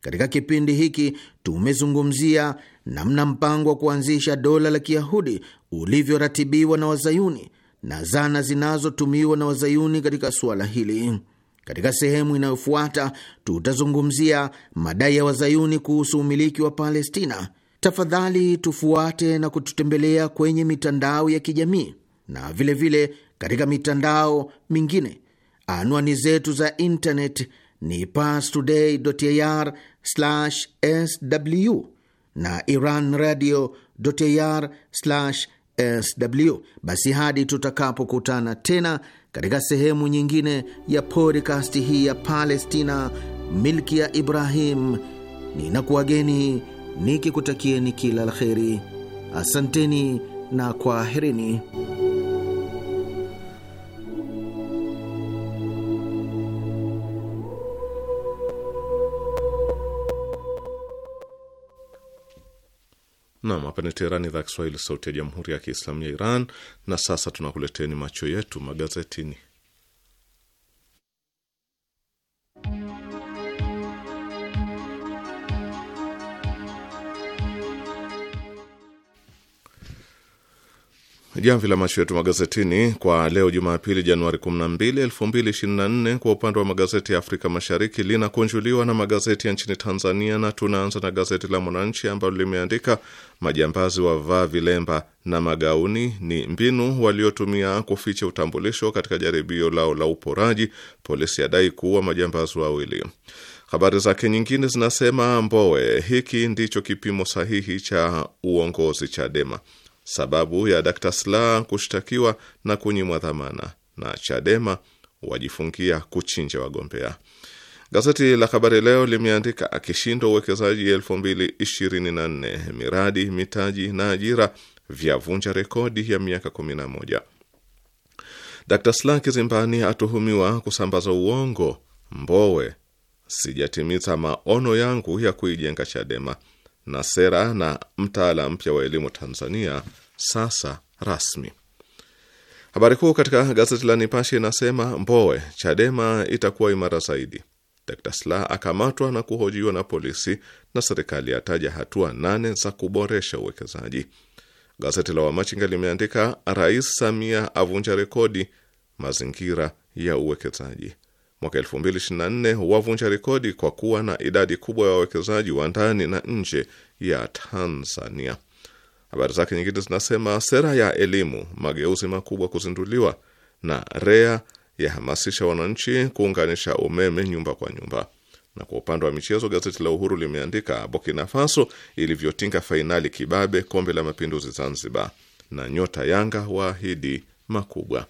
Katika kipindi hiki tumezungumzia namna mpango wa kuanzisha dola la kiyahudi ulivyoratibiwa na wazayuni na zana zinazotumiwa na wazayuni katika suala hili. Katika sehemu inayofuata tutazungumzia madai ya wazayuni kuhusu umiliki wa Palestina. Tafadhali tufuate na kututembelea kwenye mitandao ya kijamii na vilevile vile katika mitandao mingine. Anwani zetu za internet ni pastoday.ir/sw na Iran Radio ir sw. Basi hadi tutakapokutana tena katika sehemu nyingine ya podcast hii ya Palestina, milki ya Ibrahim, ninakuwageni nikikutakieni kila la kheri. Asanteni na kwaherini. Nam, hapa ni Teherani, idhaa Kiswahili, sauti ya jamhuri ya kiislamu ya Iran. Na sasa tunakuleteni macho yetu magazetini. Jamvi la macho yetu magazetini kwa leo Jumapili, Januari 12, 2024, kwa upande wa magazeti ya Afrika Mashariki linakunjuliwa na magazeti ya nchini Tanzania, na tunaanza na gazeti la Mwananchi ambalo limeandika majambazi wavaa vilemba na magauni ni mbinu waliotumia kuficha utambulisho katika jaribio lao la uporaji, polisi yadai kuua majambazi wawili. Habari zake nyingine zinasema Mbowe, hiki ndicho kipimo sahihi cha uongozi Chadema sababu ya Dr. Slaa kushtakiwa na kunyimwa dhamana na Chadema wajifungia kuchinja wagombea. Gazeti la Habari Leo limeandika akishindwa uwekezaji elfu mbili ishirini na nne miradi mitaji na ajira vyavunja rekodi ya miaka 11. Dkt. Slaa kizimbani atuhumiwa kusambaza uongo. Mbowe, sijatimiza maono yangu ya kuijenga Chadema na sera na mtaala mpya wa elimu Tanzania sasa rasmi. Habari kuu katika gazeti la Nipashe inasema Mbowe, Chadema itakuwa imara zaidi. d Slaa akamatwa na kuhojiwa na polisi, na serikali ataja hatua nane za kuboresha uwekezaji. Gazeti la Wamachinga limeandika Rais Samia avunja rekodi mazingira ya uwekezaji mwaka 2024 wavunja rekodi kwa kuwa na idadi kubwa ya wawekezaji wa ndani na nje ya Tanzania. Habari zake nyingine zinasema sera ya elimu, mageuzi makubwa kuzinduliwa, na REA yahamasisha wananchi kuunganisha umeme nyumba kwa nyumba. Na kwa upande wa michezo, gazeti la Uhuru limeandika Burkina Faso ilivyotinga fainali kibabe kombe la mapinduzi Zanzibar, na nyota Yanga waahidi makubwa.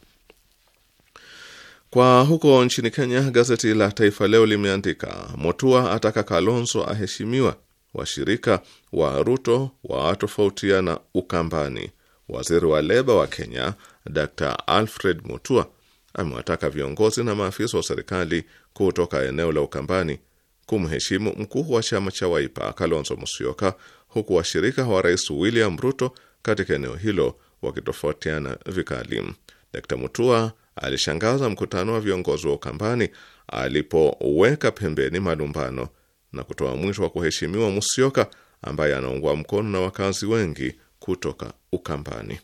Kwa huko nchini Kenya, gazeti la Taifa Leo limeandika Mutua ataka Kalonzo aheshimiwa, washirika wa Ruto watofautiana Ukambani. Waziri wa leba wa Kenya Dr Alfred Mutua amewataka viongozi na maafisa wa serikali kutoka eneo la Ukambani kumheshimu mkuu wa chama cha Waipa Kalonzo Musyoka, huku washirika wa rais William Ruto katika eneo hilo wakitofautiana vikali. Dr Mutua alishangaza mkutano wa viongozi wa Ukambani alipoweka pembeni malumbano na kutoa mwito wa kuheshimiwa musioka ambaye anaungwa mkono na wakazi wengi kutoka Ukambani.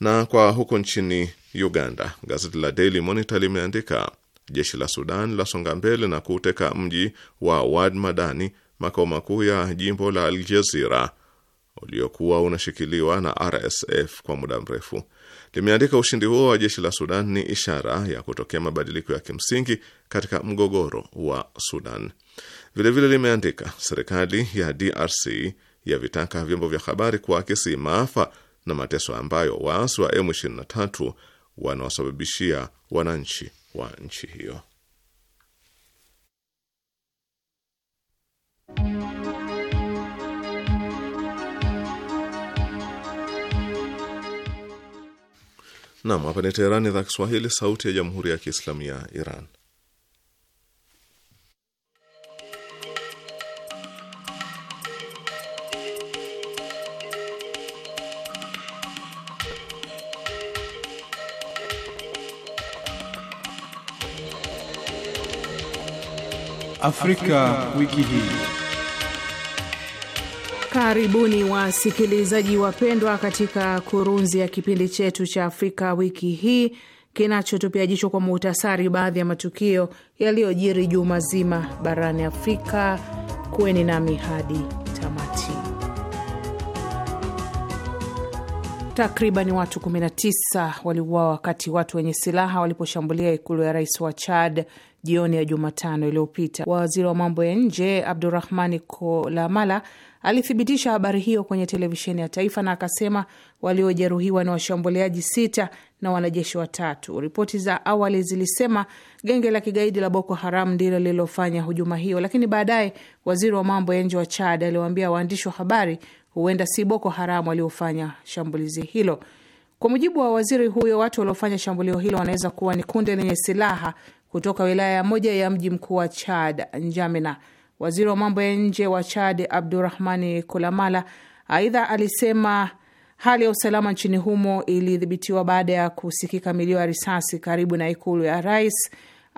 Na kwa huko nchini Uganda, gazeti la Daily Monitor limeandika jeshi la Sudan lasonga mbele na kuuteka mji wa Wad Madani, makao makuu ya jimbo la Aljazira uliokuwa unashikiliwa na RSF kwa muda mrefu limeandika ushindi huo wa jeshi la Sudan ni ishara ya kutokea mabadiliko ya kimsingi katika mgogoro wa Sudan. Vilevile vile limeandika serikali ya DRC yavitaka vyombo vya habari kuakisi maafa na mateso ambayo waasi wa M23 wanawasababishia wananchi wa nchi hiyo. Nam, hapa ni Teherani, idhaa Kiswahili, sauti ya jamhuri ya kiislamu ya Iran. Afrika, Afrika wiki hii. Karibuni wasikilizaji wapendwa, katika kurunzi ya kipindi chetu cha Afrika wiki hii kinachotupia jicho kwa muhtasari baadhi ya matukio yaliyojiri juma zima barani Afrika. Kuweni nami hadi tamati. Takriban watu 19 waliuawa wakati watu wenye silaha waliposhambulia ikulu ya rais wa Chad jioni ya Jumatano iliyopita. Waziri wa mambo ya nje Abdurahmani Kolamala alithibitisha habari hiyo kwenye televisheni ya taifa na akasema waliojeruhiwa ni washambuliaji sita na wanajeshi watatu. Ripoti za awali zilisema genge la kigaidi la Boko Haram ndilo lililofanya hujuma hiyo, lakini baadaye waziri wa mambo ya nje wa Chad aliwaambia waandishi wa habari huenda si Boko Haram waliofanya shambulizi hilo. Kwa mujibu wa waziri huyo, watu waliofanya shambulio hilo wanaweza kuwa ni kundi lenye silaha kutoka wilaya moja ya mji mkuu wa Chad, Njamena. Waziri wa mambo ya nje wa Chad Abdurahmani kulamala aidha alisema hali ya usalama nchini humo ilidhibitiwa baada ya kusikika milio ya risasi karibu na ikulu ya rais.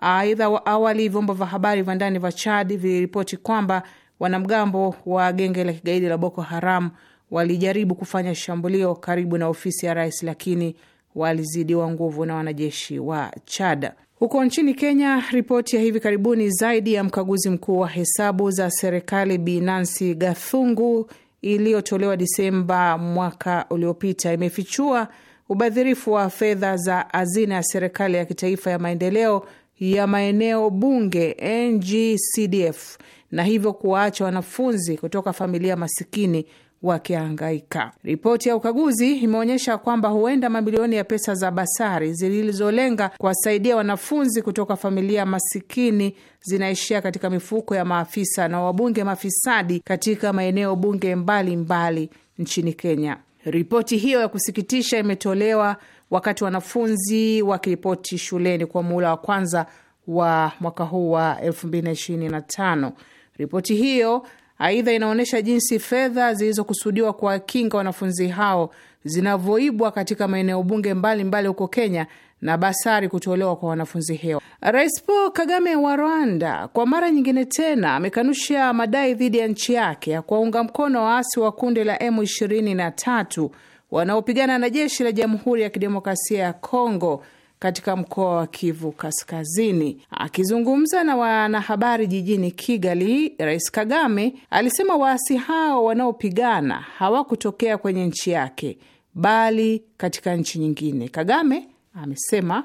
Aidha, awali vyombo vya habari vya ndani vya Chad viliripoti kwamba wanamgambo wa genge la kigaidi la Boko Haram walijaribu kufanya shambulio karibu na ofisi ya rais, lakini walizidiwa nguvu na wanajeshi wa Chad. Huko nchini Kenya, ripoti ya hivi karibuni zaidi ya mkaguzi mkuu wa hesabu za serikali binansi Gathungu iliyotolewa Disemba mwaka uliopita imefichua ubadhirifu wa fedha za hazina ya serikali ya kitaifa ya maendeleo ya maeneo bunge NGCDF na hivyo kuwaacha wanafunzi kutoka familia masikini wakiangaika Ripoti ya ukaguzi imeonyesha kwamba huenda mabilioni ya pesa za basari zilizolenga kuwasaidia wanafunzi kutoka familia masikini zinaishia katika mifuko ya maafisa na wabunge mafisadi katika maeneo bunge mbalimbali mbali nchini Kenya. Ripoti hiyo ya kusikitisha imetolewa wakati wanafunzi wakiripoti shuleni kwa muhula wa kwanza wa mwaka huu wa 2025. Ripoti hiyo Aidha, inaonyesha jinsi fedha zilizokusudiwa kuwakinga wanafunzi hao zinavyoibwa katika maeneo bunge mbalimbali huko Kenya na basari kutolewa kwa wanafunzi hao. Rais Paul Kagame wa Rwanda kwa mara nyingine tena amekanusha madai dhidi ya nchi yake ya kuwaunga mkono waasi wa kundi la M23 wanaopigana na jeshi la Jamhuri ya Kidemokrasia ya Kongo katika mkoa wa Kivu Kaskazini. Akizungumza na wanahabari jijini Kigali, Rais Kagame alisema waasi hao wanaopigana hawakutokea kwenye nchi yake bali katika nchi nyingine. Kagame amesema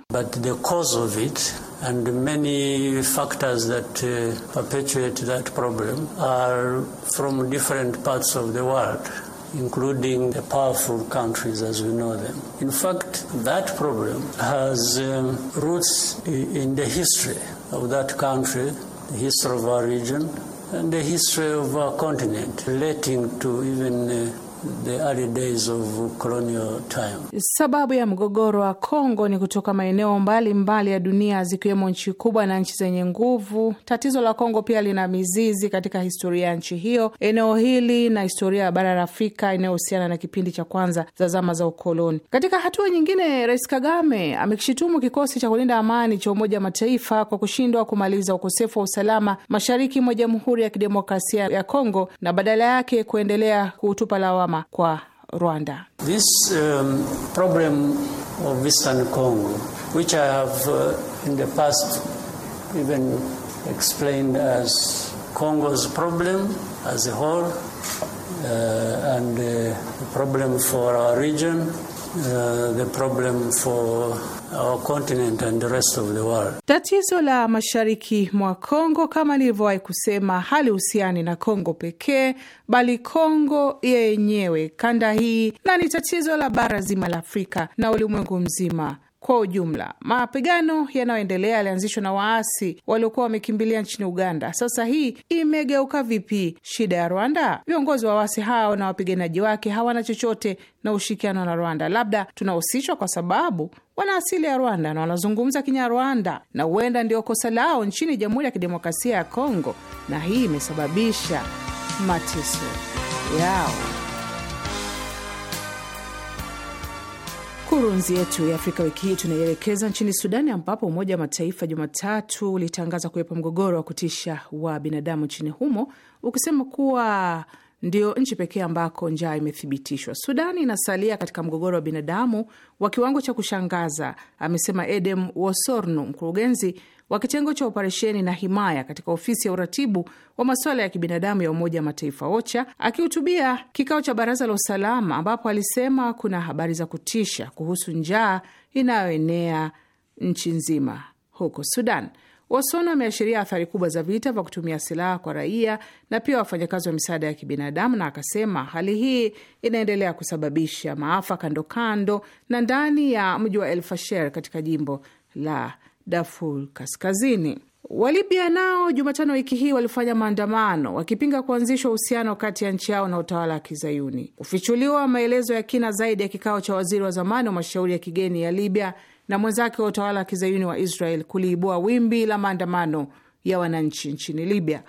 including the powerful countries as we know them. In fact, that problem has um, roots in the history of that country, the history of our region, and the history of our continent, relating to even uh, the early days of colonial time. Sababu ya mgogoro wa Kongo ni kutoka maeneo mbalimbali ya dunia zikiwemo nchi kubwa na nchi zenye nguvu. Tatizo la Kongo pia lina mizizi katika historia ya nchi hiyo, eneo hili na historia ya bara la Afrika inayohusiana na kipindi cha kwanza za zama za ukoloni. Katika hatua nyingine, Rais Kagame amekishitumu kikosi cha kulinda amani cha Umoja wa Mataifa kwa kushindwa kumaliza ukosefu wa usalama mashariki mwa Jamhuri ya Kidemokrasia ya Kongo na badala yake kuendelea kuutupa lawama usalama kwa Rwanda. This, um, problem of Western Congo, which I have, uh, in the past even explained as Congo's problem as a whole uh, and uh, the problem for our region Uh, the problem for our continent and the rest of the world. Tatizo la mashariki mwa Kongo kama nilivyowahi kusema halihusiani na Kongo pekee bali Kongo yenyewe, kanda hii, na ni tatizo la bara zima la Afrika na ulimwengu mzima kwa ujumla. Mapigano yanayoendelea yalianzishwa na waasi waliokuwa wamekimbilia nchini Uganda. Sasa hii imegeuka vipi shida ya Rwanda? Viongozi wa waasi hao na wapiganaji wake hawana chochote na ushirikiano na Rwanda. Labda tunahusishwa kwa sababu wana asili ya Rwanda na wanazungumza Kinyarwanda, na huenda ndio kosa lao nchini Jamhuri ya Kidemokrasia ya Kongo, na hii imesababisha mateso yao. Kurunzi yetu ya Afrika wiki hii tunaielekeza nchini Sudani, ambapo Umoja wa Mataifa Jumatatu ulitangaza kuwepo mgogoro wa kutisha wa binadamu nchini humo ukisema kuwa ndio nchi pekee ambako njaa imethibitishwa. Sudani inasalia katika mgogoro wa binadamu wa kiwango cha kushangaza, amesema Edem Wosornu, mkurugenzi wa kitengo cha operesheni na himaya katika ofisi ya uratibu wa masuala ya kibinadamu ya Umoja wa Mataifa OCHA akihutubia kikao cha Baraza la Usalama ambapo alisema kuna habari za kutisha kuhusu njaa inayoenea nchi nzima huko Sudan. Wasono ameashiria athari kubwa za vita vya kutumia silaha kwa raia na pia wafanyakazi wa misaada ya kibinadamu, na akasema hali hii inaendelea kusababisha maafa kando kando na ndani ya mji wa El Fasher katika jimbo la Darfur Kaskazini. Walibia nao Jumatano wiki hii walifanya maandamano wakipinga kuanzishwa uhusiano kati ya nchi yao na utawala wa Kizayuni. Kufichuliwa maelezo ya kina zaidi ya kikao cha waziri wa zamani wa mashauri ya kigeni ya Libya na mwenzake wa utawala wa Kizayuni wa Israel kuliibua wimbi la maandamano ya wananchi nchini Libya.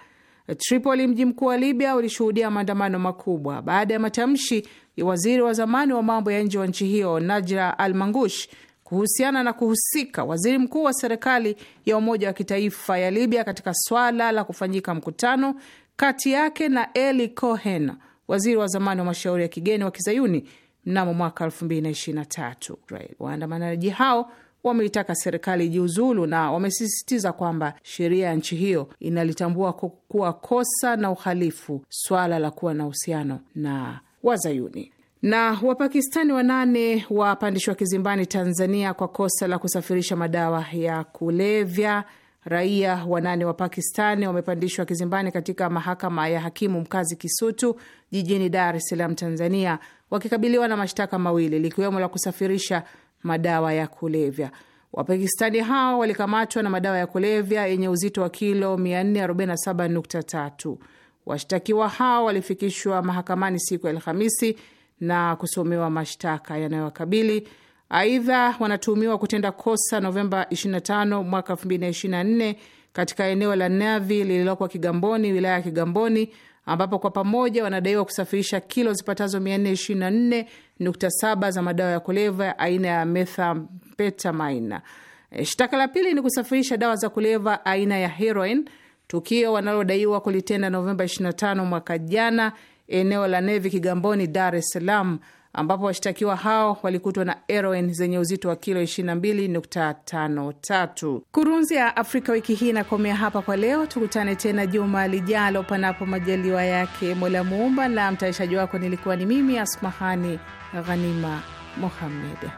Tripoli, mji mkuu wa Libya, ulishuhudia maandamano makubwa baada ya matamshi ya waziri wa zamani wa mambo ya nje wa nchi hiyo Najla Al Mangush kuhusiana na kuhusika waziri mkuu wa serikali ya umoja wa kitaifa ya Libya katika swala la kufanyika mkutano kati yake na Eli Cohen, waziri wa zamani wa mashauri ya kigeni wa kizayuni mnamo mwaka 2023. Waandamanaji hao wameitaka serikali jiuzulu na wamesisitiza kwamba sheria ya nchi hiyo inalitambua kuwa kosa na uhalifu swala la kuwa na uhusiano na wazayuni na Wapakistani wanane wapandishwa kizimbani Tanzania kwa kosa la kusafirisha madawa ya kulevya. Raia wanane wa Pakistani wamepandishwa kizimbani katika mahakama ya hakimu mkazi Kisutu jijini Dar es Salaam, Tanzania, wakikabiliwa na mashtaka mawili likiwemo la kusafirisha madawa ya kulevya. Wapakistani hao walikamatwa na madawa ya kulevya yenye uzito wa kilo 447.3. Washtakiwa hao walifikishwa mahakamani siku ya Alhamisi na kusomewa mashtaka yanayowakabili. Aidha, wanatuhumiwa kutenda kosa Novemba 25 mwaka 2024 katika eneo la Navi lililoko Kigamboni, wilaya ya Kigamboni, ambapo kwa pamoja wanadaiwa kusafirisha kilo zipatazo 424.7 za madawa ya kulevya aina ya methamphetamine. E, shtaka la pili ni kusafirisha dawa za kulevya aina ya heroin, tukio wanalodaiwa kulitenda Novemba 25 mwaka jana eneo la Nevi Kigamboni, Dar es Salaam, ambapo washtakiwa hao walikutwa na heroin zenye uzito wa kilo 22.53. Kurunzi ya Afrika wiki hii inakomea hapa kwa leo. Tukutane tena juma lijalo, panapo majaliwa yake Mola Muumba, na mtayarishaji wako nilikuwa ni mimi Asmahani Ghanima Muhammed.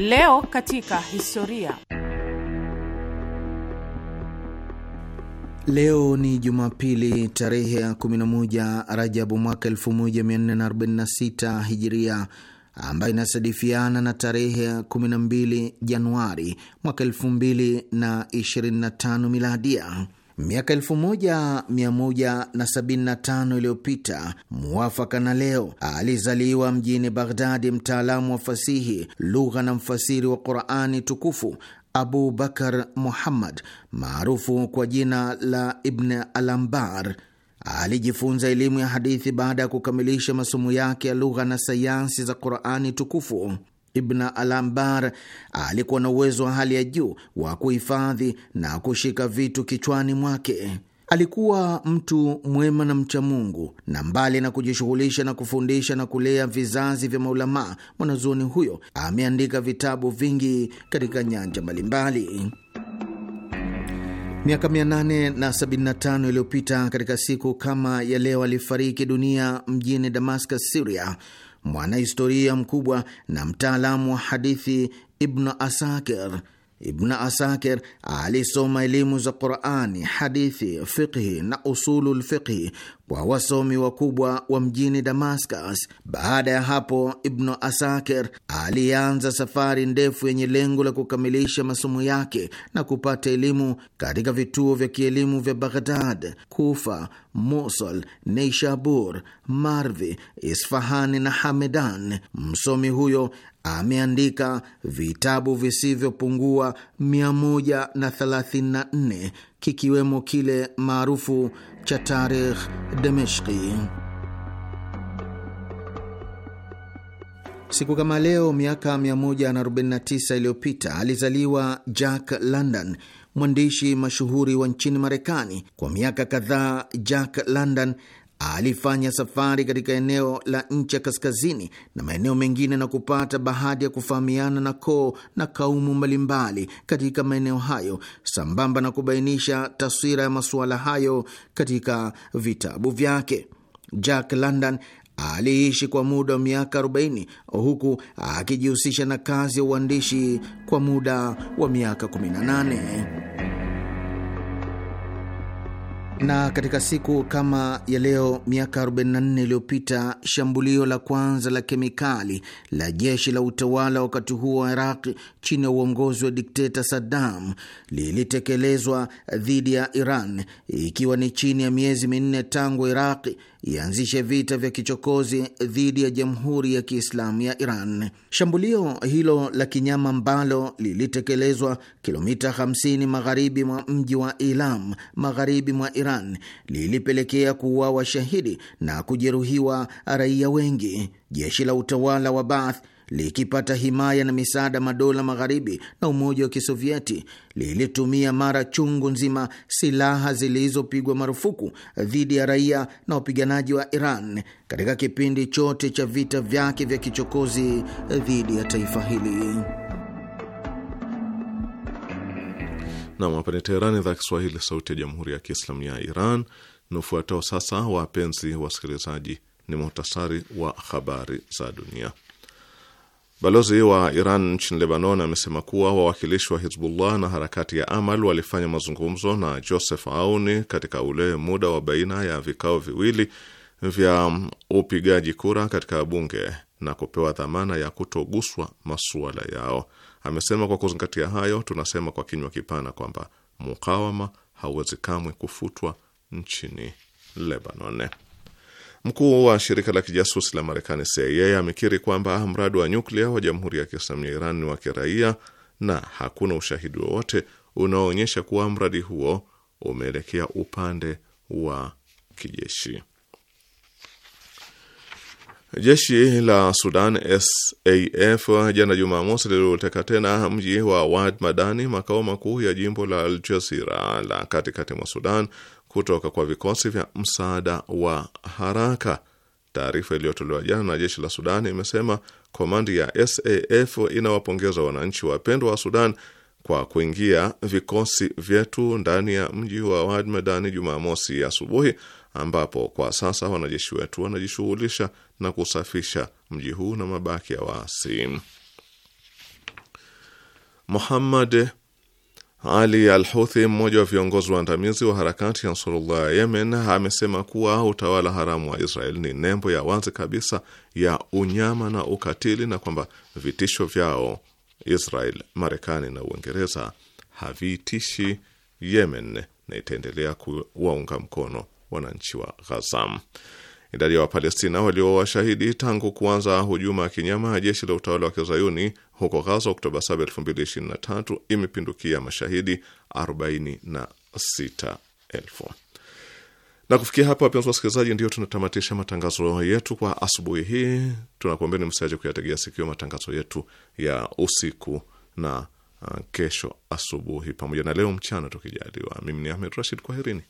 Leo katika historia. Leo ni Jumapili tarehe ya 11 Rajabu mwaka 1446 Hijiria, ambayo inasadifiana na tarehe ya 12 Januari mwaka 2025 Miladia. Miaka 1175 iliyopita muwafaka na leo, alizaliwa mjini Baghdadi mtaalamu wa fasihi, lugha na mfasiri wa Qurani tukufu Abu Bakar Muhammad maarufu kwa jina la Ibn Alambar. Alijifunza elimu ya hadithi baada ya kukamilisha masomo yake ya lugha na sayansi za Qurani tukufu. Ibn Alambar alikuwa na uwezo wa hali ya juu wa kuhifadhi na kushika vitu kichwani mwake. Alikuwa mtu mwema na mcha Mungu, na mbali na kujishughulisha na kufundisha na kulea vizazi vya maulamaa, mwanazuoni huyo ameandika vitabu vingi katika nyanja mbalimbali. Miaka 875 iliyopita katika siku kama ya leo alifariki dunia mjini Damascus, Syria, mwanahistoria mkubwa na mtaalamu wa hadithi Ibnu Asakir Ibn Asakir alisoma elimu za Qurani, hadithi, fiqhi na usulu lfiqhi kwa wasomi wakubwa wa mjini Damascus. Baada ya hapo, ibnu Asakir alianza safari ndefu yenye lengo la kukamilisha masomo yake na kupata elimu katika vituo vya kielimu vya Baghdad, Kufa, Mosul, Neishabur, Marvi, Isfahani na Hamedan. Msomi huyo ameandika vitabu visivyopungua 134 kikiwemo kile maarufu cha Tarikh Demeshki. Siku kama leo miaka 149 iliyopita alizaliwa Jack London, mwandishi mashuhuri wa nchini Marekani. Kwa miaka kadhaa Jack London Alifanya safari katika eneo la nchi ya kaskazini na maeneo mengine na kupata bahati ya kufahamiana na koo na kaumu mbalimbali katika maeneo hayo, sambamba na kubainisha taswira ya masuala hayo katika vitabu vyake. Jack London aliishi kwa muda wa miaka 40 huku akijihusisha na kazi ya uandishi kwa muda wa miaka 18. Na katika siku kama ya leo miaka 44 iliyopita shambulio la kwanza la kemikali la jeshi la utawala wakati huo wa Iraq chini ya uongozi wa dikteta Saddam lilitekelezwa dhidi ya Iran, ikiwa ni chini ya miezi minne tangu Iraq ianzishe vita vya kichokozi dhidi ya Jamhuri ya Kiislamu ya Iran. Shambulio hilo la kinyama ambalo lilitekelezwa kilomita 50 magharibi mwa mji wa Ilam, magharibi mwa Iran, lilipelekea kuuawa shahidi na kujeruhiwa raia wengi. Jeshi la utawala wa Baath likipata himaya na misaada madola magharibi na Umoja wa Kisovieti, lilitumia mara chungu nzima silaha zilizopigwa marufuku dhidi ya raia na wapiganaji wa Iran katika kipindi chote cha vita vyake vya kichokozi dhidi ya taifa hili. Nam, hapa ni Teherani, idhaa Kiswahili, sauti ya jamhuri ya kiislamu ya Iran. Na ufuatao sasa, wapenzi wasikilizaji, ni muhtasari wa habari za dunia. Balozi wa Iran nchini Lebanon amesema kuwa wawakilishi wa Hizbullah na harakati ya Amal walifanya mazungumzo na Joseph Auni katika ule muda wa baina ya vikao viwili vya upigaji kura katika bunge na kupewa dhamana ya kutoguswa masuala yao. Amesema kwa kuzingatia hayo, tunasema kwa kinywa kipana kwamba mukawama hauwezi kamwe kufutwa nchini Lebanon. Mkuu wa shirika la kijasusi la Marekani CIA amekiri kwamba mradi wa nyuklia wa Jamhuri ya Kiislamu ya Iran ni wa kiraia na hakuna ushahidi wowote unaoonyesha kuwa mradi huo umeelekea upande wa kijeshi. Jeshi la Sudan SAF jana Jumamosi liliuteka tena mji wa Wad Madani, makao makuu ya jimbo la Aljazira la katikati mwa Sudan, kutoka kwa vikosi vya msaada wa haraka. Taarifa iliyotolewa jana na jeshi la Sudan imesema komandi ya SAF inawapongeza wananchi wapendwa wa Sudan kwa kuingia vikosi vyetu ndani ya mji wa jumaa Jumamosi asubuhi, ambapo kwa sasa wanajeshi wetu wanajishughulisha na kusafisha mji huu na mabaki ya waasi. Muhammad ali al huthi mmoja wa viongozi waandamizi wa harakati ya Ansarullah ya Yemen, amesema kuwa utawala haramu wa Israel ni nembo ya wazi kabisa ya unyama na ukatili na kwamba vitisho vyao Israel, Marekani na Uingereza havitishi Yemen na itaendelea kuwaunga mkono wananchi wa ghazam Idadi ya Wapalestina walio washahidi tangu kuanza hujuma ya kinyama ya jeshi la utawala wa kizayuni huko Ghaza Oktoba 7, 2023 imepindukia mashahidi 46,000. Na kufikia hapa, wapenzi wasikilizaji, ndio tunatamatisha matangazo yetu kwa asubuhi hii. ni msiache kuyategea sikio matangazo yetu ya usiku na uh, kesho asubuhi pamoja na leo mchana tukijaliwa. Mimi ni Ahmed Rashid, kwaherini.